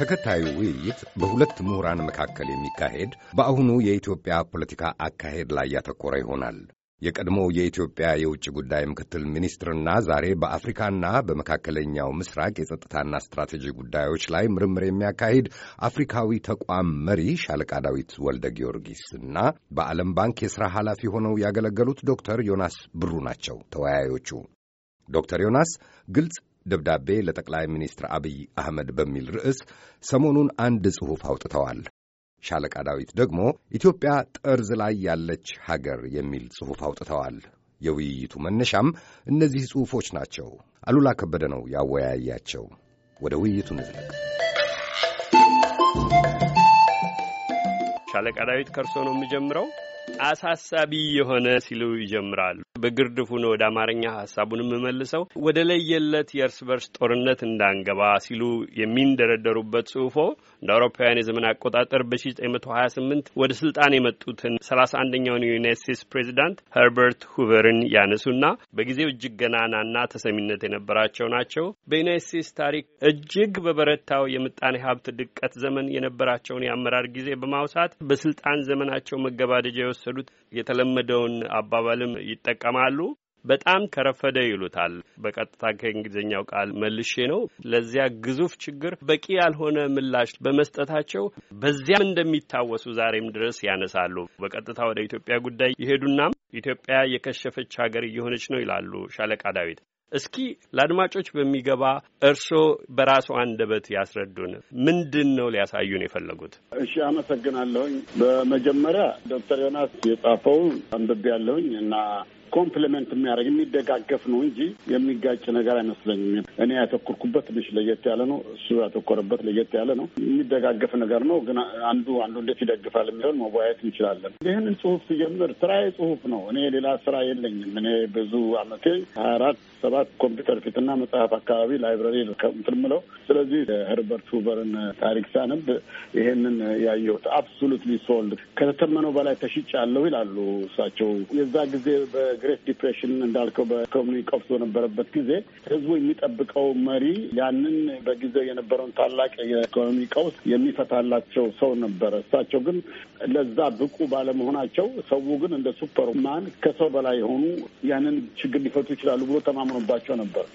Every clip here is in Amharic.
ተከታዩ ውይይት በሁለት ምሁራን መካከል የሚካሄድ በአሁኑ የኢትዮጵያ ፖለቲካ አካሄድ ላይ ያተኮረ ይሆናል። የቀድሞው የኢትዮጵያ የውጭ ጉዳይ ምክትል ሚኒስትርና ዛሬ በአፍሪካና በመካከለኛው ምስራቅ የጸጥታና ስትራቴጂ ጉዳዮች ላይ ምርምር የሚያካሂድ አፍሪካዊ ተቋም መሪ ሻለቃ ዳዊት ወልደ ጊዮርጊስ እና በዓለም ባንክ የሥራ ኃላፊ ሆነው ያገለገሉት ዶክተር ዮናስ ብሩ ናቸው ተወያዮቹ። ዶክተር ዮናስ ግልጽ ደብዳቤ ለጠቅላይ ሚኒስትር አብይ አህመድ በሚል ርዕስ ሰሞኑን አንድ ጽሑፍ አውጥተዋል። ሻለቃ ዳዊት ደግሞ ኢትዮጵያ ጠርዝ ላይ ያለች ሀገር የሚል ጽሑፍ አውጥተዋል። የውይይቱ መነሻም እነዚህ ጽሑፎች ናቸው። አሉላ ከበደ ነው ያወያያቸው። ወደ ውይይቱ ንዝለቅ። ሻለቃ ዳዊት ከእርሶ ነው የምጀምረው። አሳሳቢ የሆነ ሲሉ ይጀምራሉ። በግርድፉ ነው ወደ አማርኛ ሀሳቡን የምመልሰው። ወደ ለየለት የእርስ በርስ ጦርነት እንዳንገባ ሲሉ የሚንደረደሩበት ጽሁፎ እንደ አውሮፓውያን የዘመን አቆጣጠር በ1928 ወደ ስልጣን የመጡትን 31ኛውን የዩናይት ስቴትስ ፕሬዚዳንት ሀርበርት ሁቨርን ያነሱና በጊዜው እጅግ ገናናና ተሰሚነት የነበራቸው ናቸው። በዩናይት ስቴትስ ታሪክ እጅግ በበረታው የምጣኔ ሀብት ድቀት ዘመን የነበራቸውን የአመራር ጊዜ በማውሳት በስልጣን ዘመናቸው መገባደጃ የወሰዱት የተለመደውን አባባልም ይጠቀማሉ። በጣም ከረፈደ ይሉታል። በቀጥታ ከእንግሊዝኛው ቃል መልሼ ነው። ለዚያ ግዙፍ ችግር በቂ ያልሆነ ምላሽ በመስጠታቸው በዚያም እንደሚታወሱ ዛሬም ድረስ ያነሳሉ። በቀጥታ ወደ ኢትዮጵያ ጉዳይ ይሄዱናም ኢትዮጵያ የከሸፈች ሀገር እየሆነች ነው ይላሉ ሻለቃ ዳዊት። እስኪ ለአድማጮች በሚገባ እርስዎ በራሱ አንደበት ያስረዱን። ምንድን ነው ሊያሳዩን የፈለጉት? እሺ፣ አመሰግናለሁኝ። በመጀመሪያ ዶክተር ዮናስ የጻፈው አንብቤ ያለሁኝ እና ኮምፕሊመንት የሚያደርግ የሚደጋገፍ ነው እንጂ የሚጋጭ ነገር አይመስለኝም። እኔ ያተኩርኩበት ትንሽ ለየት ያለ ነው፣ እሱ ያተኮረበት ለየት ያለ ነው። የሚደጋገፍ ነገር ነው፣ ግን አንዱ አንዱ እንዴት ይደግፋል የሚለውን መወያየት እንችላለን። ይህንን ጽሁፍ ስጀምር ስራዬ ጽሁፍ ነው። እኔ ሌላ ስራ የለኝም። እኔ ብዙ አመቴ ሀያ አራት ሰባት ኮምፒውተር ፊትና መጽሐፍ አካባቢ ላይብረሪ እንትን የምለው ስለዚህ ሄርበርት ሁበርን ታሪክ ሳነብ ይሄንን ያየሁት አብሶሉትሊ ሶልድ ከተተመነው በላይ ተሽጫለሁ ይላሉ እሳቸው የዛ ጊዜ በግሬት ዲፕሬሽን እንዳልከው በኢኮኖሚ ቀውስ በነበረበት ጊዜ ህዝቡ የሚጠብቀው መሪ ያንን በጊዜው የነበረውን ታላቅ የኢኮኖሚ ቀውስ የሚፈታላቸው ሰው ነበረ። እሳቸው ግን ለዛ ብቁ ባለመሆናቸው ሰው ግን እንደ ሱፐርማን ከሰው በላይ የሆኑ ያንን ችግር ሊፈቱ ይችላሉ ብሎ ተማምኖባቸው ነበር።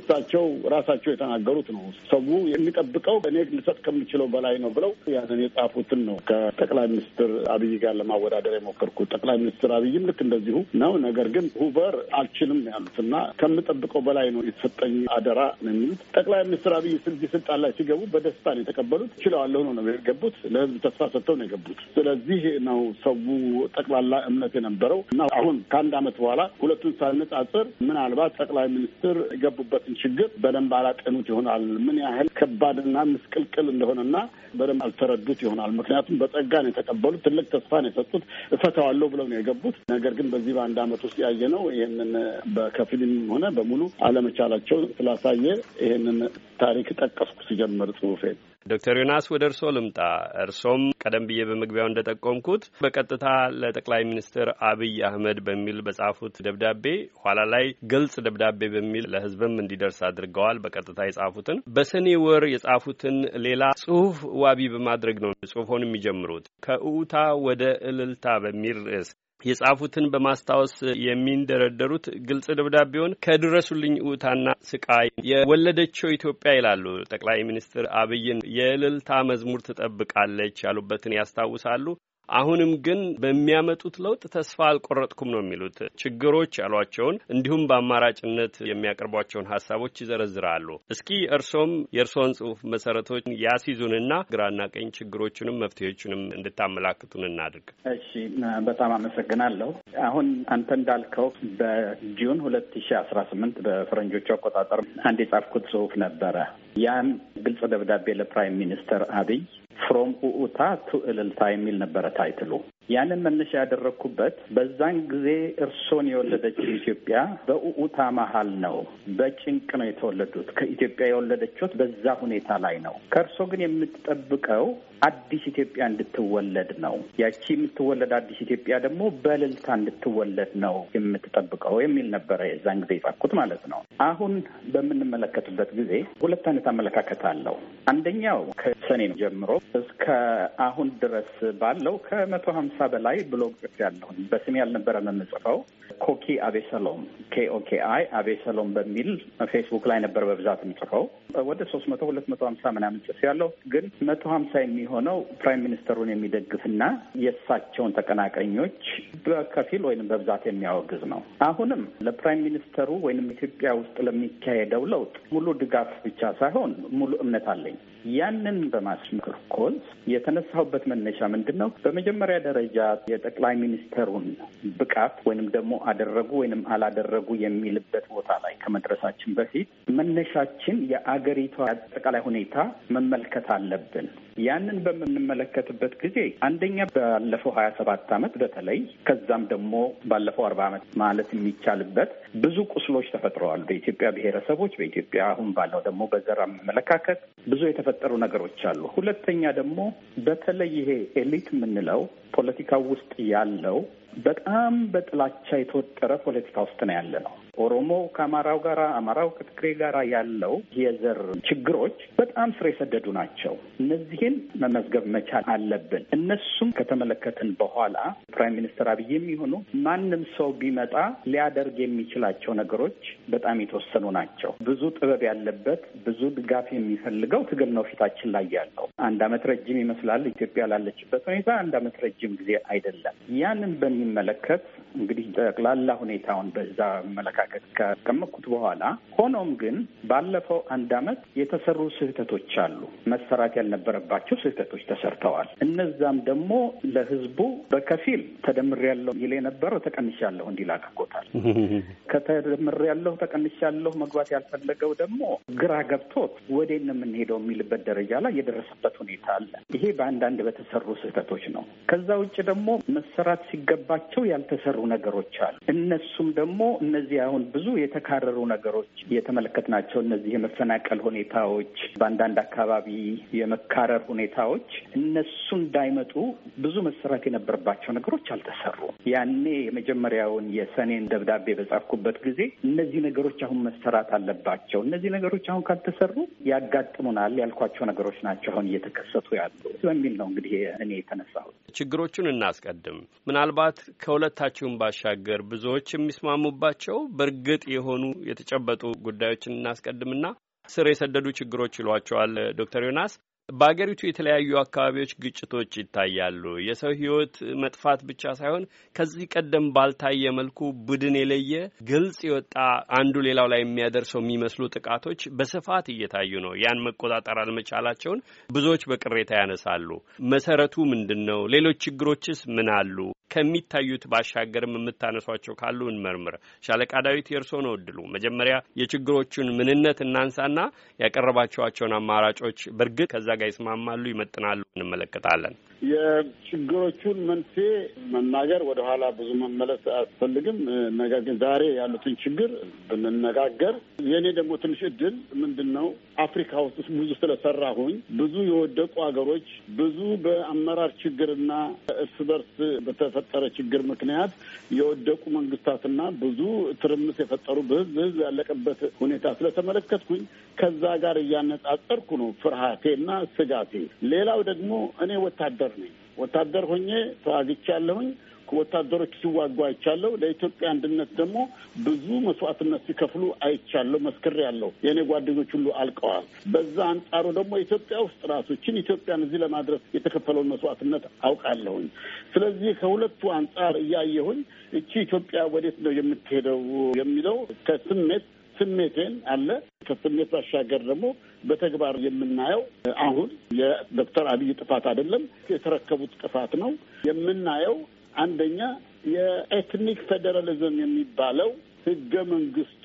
እሳቸው ራሳቸው የተናገሩት ነው። ሰው የሚጠብቀው እኔ ልሰጥ ከምችለው በላይ ነው ብለው ያንን የጻፉትን ነው ከጠቅላይ ሚኒስትር አብይ ጋር ለማወዳደር የሞከርኩት። ጠቅላይ ሚኒስትር አብይም ልክ እንደዚሁ ነው። ነገር ግን ሁቨር አልችልም ያሉት እና ከምጠብቀው በላይ ነው የተሰጠኝ አደራ ነው የሚሉት ጠቅላይ ሚኒስትር አብይ ስልጅ ስልጣን ላይ ሲገቡ በደስታ ነው የተቀበሉት። ችለዋለሁ ነው ነው የገቡት። ለህዝብ ተስፋ ሰጥተው ነው የገቡት። ስለዚህ ነው ሰው ጠቅላላ እምነት የነበረው እና አሁን ከአንድ አመት በኋላ ሁለቱን ሳነጻጽር ምናልባት ጠቅላይ ሚኒስትር የገቡበትን ችግር በደንብ አላጤኑት ይሆናል። ምን ያህል ከባድና ምስቅልቅል እንደሆነና በደንብ አልተረዱት ይሆናል። ምክንያቱም በጸጋ ነው የተቀበሉት። ትልቅ ተስፋ ነው የሰጡት። እፈተዋለሁ ብለው ነው የገቡት። ነገር ግን በዚህ በአንድ አመት ውስጥ ነው። ይህንን በከፊልም ሆነ በሙሉ አለመቻላቸው ስላሳየ ይህንን ታሪክ ጠቀስኩ ሲጀምር ጽሁፌን። ዶክተር ዮናስ ወደ እርስዎ ልምጣ። እርሶም ቀደም ብዬ በመግቢያው እንደጠቆምኩት በቀጥታ ለጠቅላይ ሚኒስትር አብይ አህመድ በሚል በጻፉት ደብዳቤ ኋላ ላይ ግልጽ ደብዳቤ በሚል ለሕዝብም እንዲደርስ አድርገዋል። በቀጥታ የጻፉትን በሰኔ ወር የጻፉትን ሌላ ጽሁፍ ዋቢ በማድረግ ነው ጽሁፎን የሚጀምሩት። ከእውታ ወደ እልልታ በሚል ርዕስ የጻፉትን በማስታወስ የሚንደረደሩት ግልጽ ደብዳቤውን ከድረሱልኝ ውታና ስቃይ የወለደችው ኢትዮጵያ ይላሉ ጠቅላይ ሚኒስትር አብይን የእልልታ መዝሙር ትጠብቃለች ያሉበትን ያስታውሳሉ። አሁንም ግን በሚያመጡት ለውጥ ተስፋ አልቆረጥኩም ነው የሚሉት። ችግሮች ያሏቸውን እንዲሁም በአማራጭነት የሚያቀርቧቸውን ሀሳቦች ይዘረዝራሉ። እስኪ እርሶም የእርሶን ጽሁፍ መሰረቶች ያስይዙንና ግራና ቀኝ ችግሮቹንም መፍትሄዎቹንም እንድታመላክቱን እናድርግ። እሺ፣ በጣም አመሰግናለሁ። አሁን አንተ እንዳልከው በጁን ሁለት ሺ አስራ ስምንት በፈረንጆቹ አቆጣጠር አንድ የጻፍኩት ጽሁፍ ነበረ ያን ግልጽ ደብዳቤ ለፕራይም ሚኒስተር አብይ ፍሮም ኡኡታ ቱ እልልታ የሚል ነበረ ታይትሉ። ያንን መነሻ ያደረግኩበት በዛን ጊዜ እርሶን የወለደችው ኢትዮጵያ በኡኡታ መሀል ነው። በጭንቅ ነው የተወለዱት። ከኢትዮጵያ የወለደችት በዛ ሁኔታ ላይ ነው። ከእርሶ ግን የምትጠብቀው አዲስ ኢትዮጵያ እንድትወለድ ነው። ያቺ የምትወለድ አዲስ ኢትዮጵያ ደግሞ በልልታ እንድትወለድ ነው የምትጠብቀው የሚል ነበረ የዛን ጊዜ የጻፍኩት ማለት ነው። አሁን በምንመለከትበት ጊዜ ሁለት አይነት አመለካከት አለው። አንደኛው ከሰኔ ጀምሮ እስከ አሁን ድረስ ባለው ከመቶ ሀምሳ ከሀምሳ በላይ ብሎግ ጽፍ ያለሁኝ በስሜ ያልነበረ የምጽፈው። ኮኪ አቤሰሎም ኬኦኬ አይ አቤሰሎም በሚል ፌስቡክ ላይ ነበር በብዛት የምጽፈው። ወደ ሶስት መቶ ሁለት መቶ ሀምሳ ምናምን ጽፍ ያለው ግን መቶ ሀምሳ የሚሆነው ፕራይም ሚኒስተሩን የሚደግፍና የእሳቸውን ተቀናቃኞች በከፊል ወይም በብዛት የሚያወግዝ ነው። አሁንም ለፕራይም ሚኒስተሩ ወይም ኢትዮጵያ ውስጥ ለሚካሄደው ለውጥ ሙሉ ድጋፍ ብቻ ሳይሆን ሙሉ እምነት አለኝ። ያንን በማስመርኮዝ የተነሳሁበት መነሻ ምንድን ነው? በመጀመሪያ ደረጃ የጠቅላይ ሚኒስተሩን ብቃት ወይንም ደግሞ አደረጉ ወይንም አላደረጉ የሚልበት ቦታ ላይ ከመድረሳችን በፊት መነሻችን የአገሪቷ አጠቃላይ ሁኔታ መመልከት አለብን። ያንን በምንመለከትበት ጊዜ አንደኛ ባለፈው ሀያ ሰባት አመት በተለይ ከዛም ደግሞ ባለፈው አርባ አመት ማለት የሚቻልበት ብዙ ቁስሎች ተፈጥረዋል። በኢትዮጵያ ብሔረሰቦች፣ በኢትዮጵያ አሁን ባለው ደግሞ በዘር አመለካከት ብዙ የተፈ የተፈጠሩ ነገሮች አሉ። ሁለተኛ ደግሞ በተለይ ይሄ ኤሊት የምንለው ፖለቲካ ውስጥ ያለው በጣም በጥላቻ የተወጠረ ፖለቲካ ውስጥ ነው ያለ ነው። ኦሮሞ ከአማራው ጋር አማራው ከትግሬ ጋር ያለው የዘር ችግሮች በጣም ስር የሰደዱ ናቸው። እነዚህን መመዝገብ መቻል አለብን። እነሱም ከተመለከትን በኋላ ፕራይም ሚኒስትር አብይ የሚሆኑ ማንም ሰው ቢመጣ ሊያደርግ የሚችላቸው ነገሮች በጣም የተወሰኑ ናቸው። ብዙ ጥበብ ያለበት ብዙ ድጋፍ የሚፈልገው ትግል ነው ፊታችን ላይ ያለው። አንድ አመት ረጅም ይመስላል ኢትዮጵያ ላለችበት ሁኔታ አንድ አመት ረጅም ጊዜ አይደለም። ያንን በሚ በሚመለከት እንግዲህ ጠቅላላ ሁኔታውን በዛ አመለካከት ካስቀመጥኩት በኋላ ሆኖም ግን ባለፈው አንድ አመት የተሰሩ ስህተቶች አሉ። መሰራት ያልነበረባቸው ስህተቶች ተሰርተዋል። እነዛም ደግሞ ለህዝቡ በከፊል ተደምር ያለው ይል የነበረው ተቀንሽ ያለሁ እንዲል አድርጎታል። ከተደምር ያለሁ ተቀንሽ ያለሁ መግባት ያልፈለገው ደግሞ ግራ ገብቶት ወዴት ነው የምንሄደው የሚልበት ደረጃ ላይ የደረሰበት ሁኔታ አለ። ይሄ በአንዳንድ በተሰሩ ስህተቶች ነው። ከዛ ውጭ ደግሞ መሰራት ሲገባ ያለባቸው ያልተሰሩ ነገሮች አሉ። እነሱም ደግሞ እነዚህ አሁን ብዙ የተካረሩ ነገሮች ናቸው እነዚህ የመፈናቀል ሁኔታዎች፣ በአንዳንድ አካባቢ የመካረር ሁኔታዎች እነሱ እንዳይመጡ ብዙ መሰራት የነበረባቸው ነገሮች አልተሰሩም። ያኔ የመጀመሪያውን የሰኔን ደብዳቤ በጻፍኩበት ጊዜ እነዚህ ነገሮች አሁን መሰራት አለባቸው፣ እነዚህ ነገሮች አሁን ካልተሰሩ ያጋጥሙናል ያልኳቸው ነገሮች ናቸው አሁን እየተከሰቱ ያሉ በሚል ነው እንግዲህ እኔ የተነሳሁት። ችግሮቹን እናስቀድም። ምናልባት ከሁለታችሁም ባሻገር ብዙዎች የሚስማሙባቸው በእርግጥ የሆኑ የተጨበጡ ጉዳዮችን እናስቀድምና ስር የሰደዱ ችግሮች ይሏቸዋል ዶክተር ዮናስ በአገሪቱ የተለያዩ አካባቢዎች ግጭቶች ይታያሉ። የሰው ሕይወት መጥፋት ብቻ ሳይሆን ከዚህ ቀደም ባልታየ መልኩ ቡድን የለየ ግልጽ የወጣ አንዱ ሌላው ላይ የሚያደርሰው የሚመስሉ ጥቃቶች በስፋት እየታዩ ነው። ያን መቆጣጠር አለመቻላቸውን ብዙዎች በቅሬታ ያነሳሉ። መሰረቱ ምንድን ነው? ሌሎች ችግሮችስ ምን አሉ? ከሚታዩት ባሻገርም የምታነሷቸው ካሉ እንመርምር። ሻለቃ ዳዊት የእርስዎ ነው እድሉ። መጀመሪያ የችግሮቹን ምንነት እናንሳና ያቀረባቸዋቸውን አማራጮች በእርግጥ ከዛ ጋር ይስማማሉ፣ ይመጥናሉ እንመለከታለን። የችግሮቹን መንስኤ መናገር ወደኋላ ብዙ መመለስ አያስፈልግም። ነገር ግን ዛሬ ያሉትን ችግር ብንነጋገር የእኔ ደግሞ ትንሽ እድል ምንድን ነው አፍሪካ ውስጥ ብዙ ስለሰራሁኝ ብዙ የወደቁ ሀገሮች ብዙ በአመራር ችግርና እርስ በርስ በተፈ በተፈጠረ ችግር ምክንያት የወደቁ መንግስታትና ብዙ ትርምስ የፈጠሩ በህዝብ ህዝብ ያለቀበት ሁኔታ ስለተመለከትኩኝ ከዛ ጋር እያነጻጸርኩ ነው ፍርሃቴና ስጋቴ። ሌላው ደግሞ እኔ ወታደር ነኝ። ወታደር ሆኜ ያለሁኝ ወታደሮች ሲዋጉ አይቻለሁ። ለኢትዮጵያ አንድነት ደግሞ ብዙ መስዋዕትነት ሲከፍሉ አይቻለሁ፣ ያለው የእኔ ጓደኞች ሁሉ አልቀዋል። በዛ አንጻሩ ደግሞ ኢትዮጵያ ውስጥ ራሶችን ኢትዮጵያን እዚህ ለማድረስ የተከፈለውን መስዋዕትነት አውቃለሁኝ። ስለዚህ ከሁለቱ አንጻር እያየሁኝ እቺ ኢትዮጵያ ወዴት ነው የምትሄደው የሚለው ከስሜት ስሜቴን አለ ከስሜት ባሻገር ደግሞ በተግባር የምናየው አሁን የዶክተር አብይ ጥፋት አይደለም፣ የተረከቡት ጥፋት ነው የምናየው አንደኛ የኤትኒክ ፌዴራሊዝም የሚባለው ህገ መንግስቱ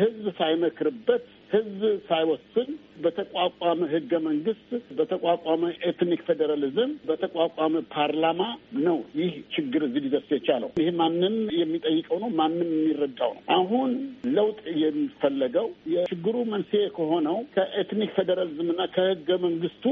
ህዝብ ሳይመክርበት ህዝብ ሳይወስን በተቋቋመ ህገ መንግስት፣ በተቋቋመ ኤትኒክ ፌዴራሊዝም፣ በተቋቋመ ፓርላማ ነው ይህ ችግር እዚህ ሊደርስ የቻለው። ይህ ማንም የሚጠይቀው ነው፣ ማንም የሚረዳው ነው። አሁን ለውጥ የሚፈለገው የችግሩ መንስኤ ከሆነው ከኤትኒክ ፌዴራሊዝምና ከህገ መንግስቱ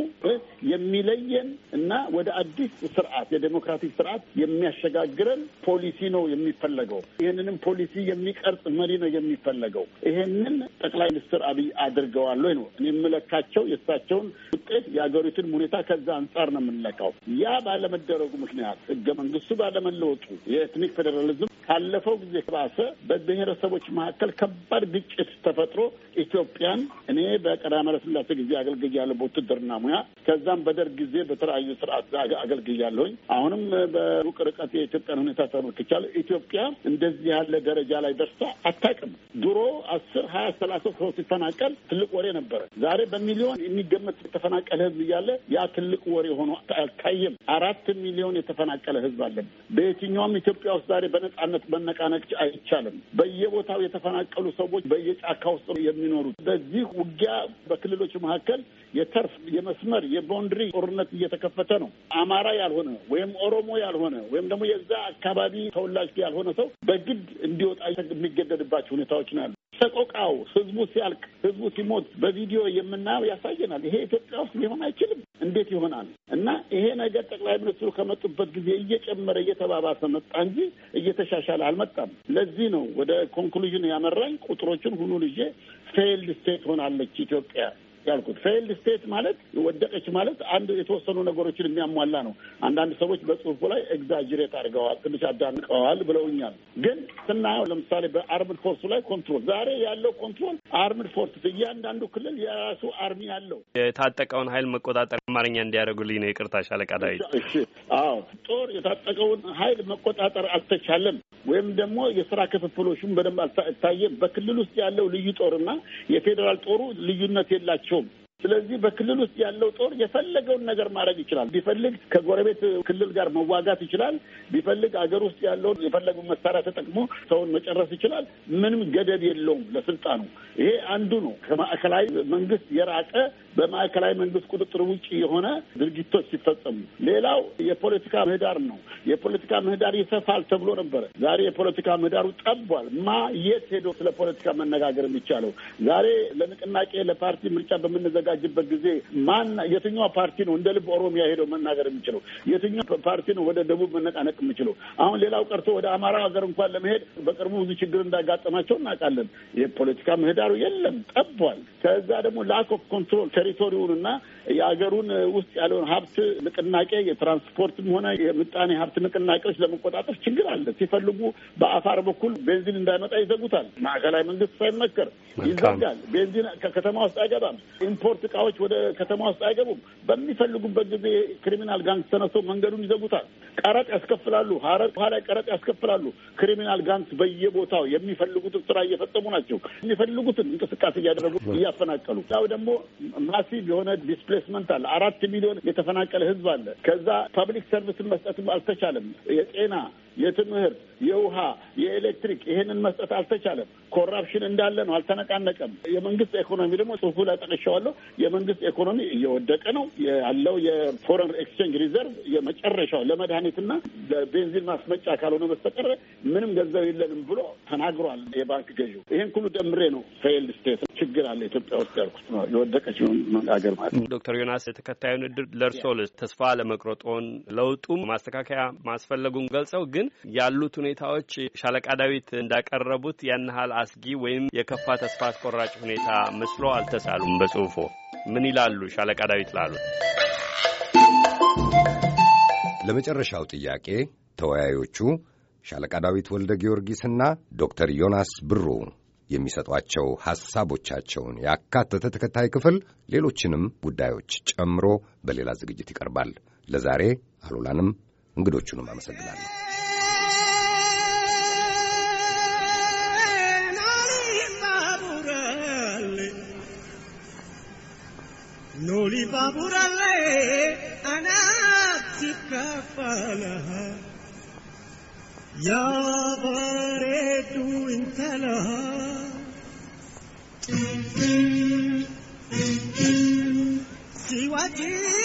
የሚለየን እና ወደ አዲስ ስርዓት የዴሞክራቲክ ስርዓት የሚያሸጋግረን ፖሊሲ ነው የሚፈለገው። ይህንንም ፖሊሲ የሚቀርጽ መሪ ነው የሚፈለገው። ይሄንን ጠቅላይ ሚኒስትር አብይ አድርገዋል ወይ ነው እኔ የምንለካቸው የእሳቸውን ውጤት የሀገሪቱን ሁኔታ ከዛ አንጻር ነው የምንለካው። ያ ባለመደረጉ ምክንያት ህገ መንግስቱ ባለመለወጡ የኤትኒክ ፌዴራሊዝም ካለፈው ጊዜ ባሰ በብሔረሰቦች መካከል ከባድ ግጭት ተፈጥሮ ኢትዮጵያን እኔ በቀዳማዊ ኃይለ ሥላሴ ጊዜ አገልግያለሁ በውትድርና ሙያ። ከዛም በደርግ ጊዜ በተለያዩ ስርዓት አገልግያለሁኝ። አሁንም በሩቅ ርቀት የኢትዮጵያን ሁኔታ ተመልክቻለሁ። ኢትዮጵያ እንደዚህ ያለ ደረጃ ላይ ደርሳ አታውቅም። ድሮ አስር ሀያ ሰላሳ ሰው ሲፈናቀል ትልቅ ወሬ ነበረ። ዛሬ በሚሊዮን የሚገመት የተፈናቀለ ህዝብ እያለ ያ ትልቅ ወሬ ሆኖ አልታየም። አራት ሚሊዮን የተፈናቀለ ህዝብ አለን። በየትኛውም ኢትዮጵያ ውስጥ ዛሬ በነጻነት በእውነት መነቃነቅ አይቻልም። በየቦታው የተፈናቀሉ ሰዎች በየጫካ ውስጥ የሚኖሩት በዚህ ውጊያ በክልሎች መካከል የተርፍ የመስመር የቦንድሪ ጦርነት እየተከፈተ ነው። አማራ ያልሆነ ወይም ኦሮሞ ያልሆነ ወይም ደግሞ የዛ አካባቢ ተወላጅ ያልሆነ ሰው በግድ እንዲወጣ የሚገደድባቸው ሁኔታዎች ነው ያሉ። ሰቆቃው ህዝቡ ሲያልቅ ህዝቡ ሲሞት በቪዲዮ የምናየው ያሳየናል። ይሄ ኢትዮጵያ ውስጥ ሊሆን አይችልም። እንዴት ይሆናል? እና ይሄ ነገር ጠቅላይ ሚኒስትሩ ከመጡበት ጊዜ እየጨመረ እየተባባሰ መጣ እንጂ እየተሻሻለ አልመጣም። ለዚህ ነው ወደ ኮንክሉዥን ያመራኝ ቁጥሮችን ሁሉ ልጄ ፌይልድ ስቴት ሆናለች ኢትዮጵያ ያልኩት ፌይልድ ስቴት ማለት ወደቀች ማለት አንድ የተወሰኑ ነገሮችን የሚያሟላ ነው። አንዳንድ ሰዎች በጽሁፉ ላይ ኤግዛጅሬት አድርገዋል፣ ትንሽ አዳንቀዋል ብለውኛል። ግን ስናየው ለምሳሌ በአርምድ ፎርሱ ላይ ኮንትሮል፣ ዛሬ ያለው ኮንትሮል አርምድ ፎርስ፣ እያንዳንዱ ክልል የራሱ አርሚ አለው። የታጠቀውን ኃይል መቆጣጠር አማርኛ እንዲያደርጉልኝ ነው። ይቅርታ ሻለቃ ዳዊት። አዎ ጦር የታጠቀውን ኃይል መቆጣጠር አልተቻለም። ወይም ደግሞ የስራ ክፍፍሎሹም በደንብ አልታየም። በክልል ውስጥ ያለው ልዩ ጦርና የፌዴራል ጦሩ ልዩነት የላቸውም። ስለዚህ በክልል ውስጥ ያለው ጦር የፈለገውን ነገር ማድረግ ይችላል። ቢፈልግ ከጎረቤት ክልል ጋር መዋጋት ይችላል። ቢፈልግ አገር ውስጥ ያለውን የፈለገው መሳሪያ ተጠቅሞ ሰውን መጨረስ ይችላል። ምንም ገደብ የለውም ለስልጣኑ። ይሄ አንዱ ነው። ከማዕከላዊ መንግስት የራቀ በማዕከላዊ መንግስት ቁጥጥር ውጭ የሆነ ድርጊቶች ሲፈጸሙ፣ ሌላው የፖለቲካ ምህዳር ነው። የፖለቲካ ምህዳር ይሰፋል ተብሎ ነበረ። ዛሬ የፖለቲካ ምህዳሩ ጠቧል። ማ የት ሄዶ ስለ ፖለቲካ መነጋገር የሚቻለው ዛሬ ለንቅናቄ ለፓርቲ ምርጫ በምንዘጋ በሚዘጋጅበት ጊዜ ማን የትኛው ፓርቲ ነው እንደ ልብ ኦሮሚያ ሄደው መናገር የሚችለው? የትኛው ፓርቲ ነው ወደ ደቡብ መነቃነቅ የሚችለው? አሁን ሌላው ቀርቶ ወደ አማራ ሀገር እንኳን ለመሄድ በቅርቡ ብዙ ችግር እንዳጋጠማቸው እናውቃለን። የፖለቲካ ምህዳሩ የለም፣ ጠቧል። ከዛ ደግሞ ላክ ኦፍ ኮንትሮል ቴሪቶሪውን እና የአገሩን ውስጥ ያለውን ሀብት ንቅናቄ የትራንስፖርትም ሆነ የምጣኔ ሀብት ንቅናቄዎች ለመቆጣጠር ችግር አለ። ሲፈልጉ በአፋር በኩል ቤንዚን እንዳይመጣ ይዘጉታል። ማዕከላዊ መንግስት ሳይመከር ይዘጋል። ቤንዚን ከከተማ ውስጥ አይገባም። ኢምፖርት የስፖርት እቃዎች ወደ ከተማ ውስጥ አይገቡም። በሚፈልጉበት ጊዜ ክሪሚናል ጋንግ ተነስቶ መንገዱን ይዘጉታል። ቀረጥ ያስከፍላሉ። ሀረር ላይ ቀረጥ ያስከፍላሉ። ክሪሚናል ጋንግስ በየቦታው የሚፈልጉትን ስራ እየፈጸሙ ናቸው። የሚፈልጉትን እንቅስቃሴ እያደረጉ እያፈናቀሉ፣ ያው ደግሞ ማሲቭ የሆነ ዲስፕሌስመንት አለ። አራት ሚሊዮን የተፈናቀለ ህዝብ አለ። ከዛ ፐብሊክ ሰርቪስን መስጠትም አልተቻለም። የጤና የትምህርት፣ የውሃ፣ የኤሌክትሪክ ይህንን መስጠት አልተቻለም። ኮራፕሽን እንዳለ ነው፣ አልተነቃነቀም። የመንግስት ኢኮኖሚ ደግሞ ጽሁፉ ላይ ጠቅሼዋለሁ። የመንግስት ኢኮኖሚ እየወደቀ ነው ያለው። የፎረን ኤክስቼንጅ ሪዘርቭ የመጨረሻው ለመድኃኒት ለወደፊትና ለቤንዚን ማስመጫ ካልሆነ በስተቀር ምንም ገንዘብ የለንም ብሎ ተናግሯል። የባንክ ገዢው ይህን ሁሉ ደምሬ ነው ፌይልድ ስቴት ችግር አለ ኢትዮጵያ ውስጥ ያልኩት ነው የወደቀች ሀገር ማለት ዶክተር ዮናስ ተከታዩን እድል ለእርሶ ተስፋ ለመቁረጦን ለውጡም ማስተካከያ ማስፈለጉን ገልጸው ግን ያሉት ሁኔታዎች ሻለቃ ዳዊት እንዳቀረቡት ያን ያህል አስጊ ወይም የከፋ ተስፋ አስቆራጭ ሁኔታ መስሎ አልተሳሉም። በጽሁፎ ምን ይላሉ ሻለቃ ዳዊት ላሉት ለመጨረሻው ጥያቄ ተወያዮቹ ሻለቃ ዳዊት ወልደ ጊዮርጊስና ዶክተር ዮናስ ብሩ የሚሰጧቸው ሐሳቦቻቸውን ያካተተ ተከታይ ክፍል ሌሎችንም ጉዳዮች ጨምሮ በሌላ ዝግጅት ይቀርባል። ለዛሬ አሉላንም እንግዶቹንም አመሰግናለሁ። ኖሊ كفالها يا ضريت انت لها سوى